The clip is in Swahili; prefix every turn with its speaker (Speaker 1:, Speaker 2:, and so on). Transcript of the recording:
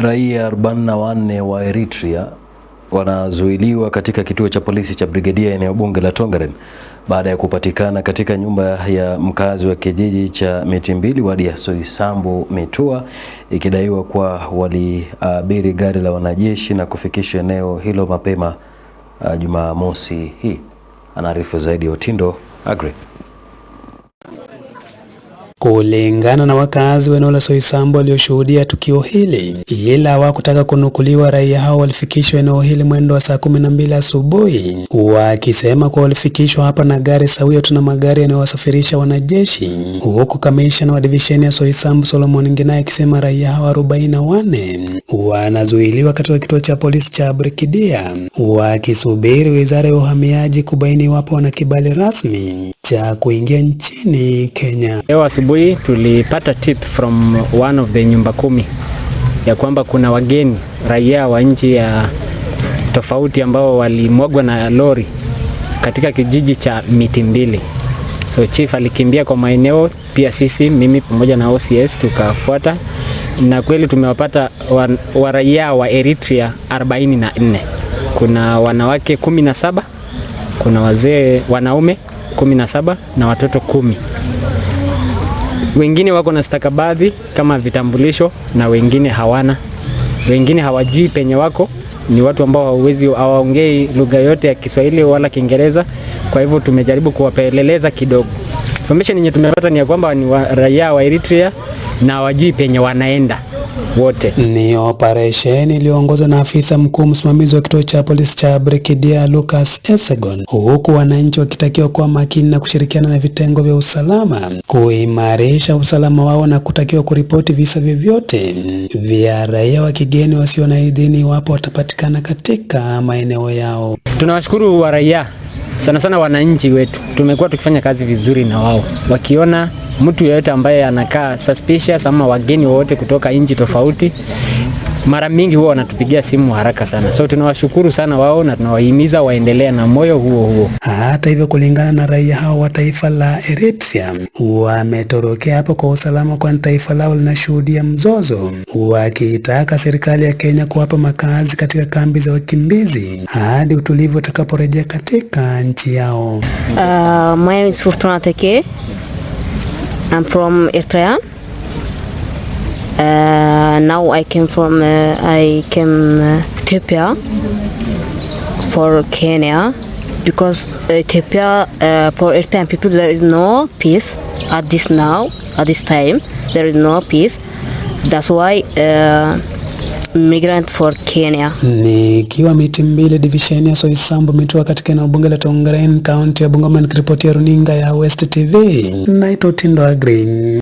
Speaker 1: Raia 44 wa Eritrea wanazuiliwa katika kituo cha polisi cha brigadia eneo bunge la Tongaren baada ya kupatikana katika nyumba ya mkazi wa kijiji cha Miti Mbili wadi ya Soisambu Mitua, ikidaiwa kuwa waliabiri gari la wanajeshi na kufikisha eneo hilo mapema uh, Jumamosi hii. Anaarifu zaidi Otindo Agre
Speaker 2: kulingana na wakazi wa eneo la Soisambo walioshuhudia tukio hili, ila hawakutaka kunukuliwa. Raia hao walifikishwa eneo hili mwendo wa saa kumi na mbili asubuhi, wakisema kuwa walifikishwa hapa na gari sawia tu na magari yanayowasafirisha wanajeshi, huku kamishna wa divisheni ya Soisambo Solomon Nginai akisema raia hao arobaini na wanne wanazuiliwa katika kituo cha polisi cha Brikidia wakisubiri wizara ya uhamiaji kubaini iwapo wana kibali rasmi cha kuingia nchini Kenya.
Speaker 3: Leo asubuhi tulipata tip from one of the nyumba kumi ya kwamba kuna wageni raia wa nchi ya tofauti ambao walimwagwa na lori katika kijiji cha Miti Mbili. So chief alikimbia kwa maeneo, pia sisi mimi pamoja na OCS tukafuata, na kweli tumewapata raia wa Eritrea 44. Kuna wanawake 17, kuna wazee wanaume kumi na saba na watoto kumi. Wengine wako na stakabadhi kama vitambulisho na wengine hawana. Wengine hawajui penye wako, ni watu ambao hawawezi, hawaongei lugha yote ya Kiswahili wala Kiingereza. Kwa hivyo tumejaribu kuwapeleleza kidogo. Information yenye tumepata ni ya kwamba ni raia wa Eritrea na hawajui penye wanaenda wote.
Speaker 2: Ni operesheni iliyoongozwa na afisa mkuu msimamizi wa kituo cha polisi cha Brikidia Lucas Esegon, huku wananchi wakitakiwa kuwa makini na kushirikiana na vitengo vya usalama kuimarisha usalama wao na kutakiwa kuripoti visa vyovyote vya raia wa kigeni wasio na idhini iwapo watapatikana katika maeneo yao.
Speaker 3: Tunawashukuru wa raia sana sana, wananchi wetu tumekuwa tukifanya kazi vizuri na wao, wakiona mtu yeyote ambaye anakaa suspicious ama wageni wote kutoka nchi tofauti mara mingi huwa wanatupigia simu haraka sana, so tunawashukuru sana wao na tunawahimiza waendelee na moyo huo huo.
Speaker 2: Hata hivyo, kulingana na raia hao wa taifa la Eritrea, wametorokea hapo kwa usalama, kwani taifa lao linashuhudia mzozo, wakiitaka serikali ya Kenya kuwapa makazi katika kambi za wakimbizi hadi utulivu utakaporejea katika nchi yao.
Speaker 4: Uh, I'm from Eritrea. Uh, now I came from uh, I came uh, Ethiopia for Kenya because Ethiopia uh, for Eritrean people there is no peace at this now at this time there is no peace. That's why. Uh, Migrant for Kenya.
Speaker 2: Nikiwa miti mbili divisheni ya Soisambu mitua katika eneo bunge la Tongaren, kaunti ya Bungoma, nikiripotia runinga ya West TV. Naitwa Tindo Agri.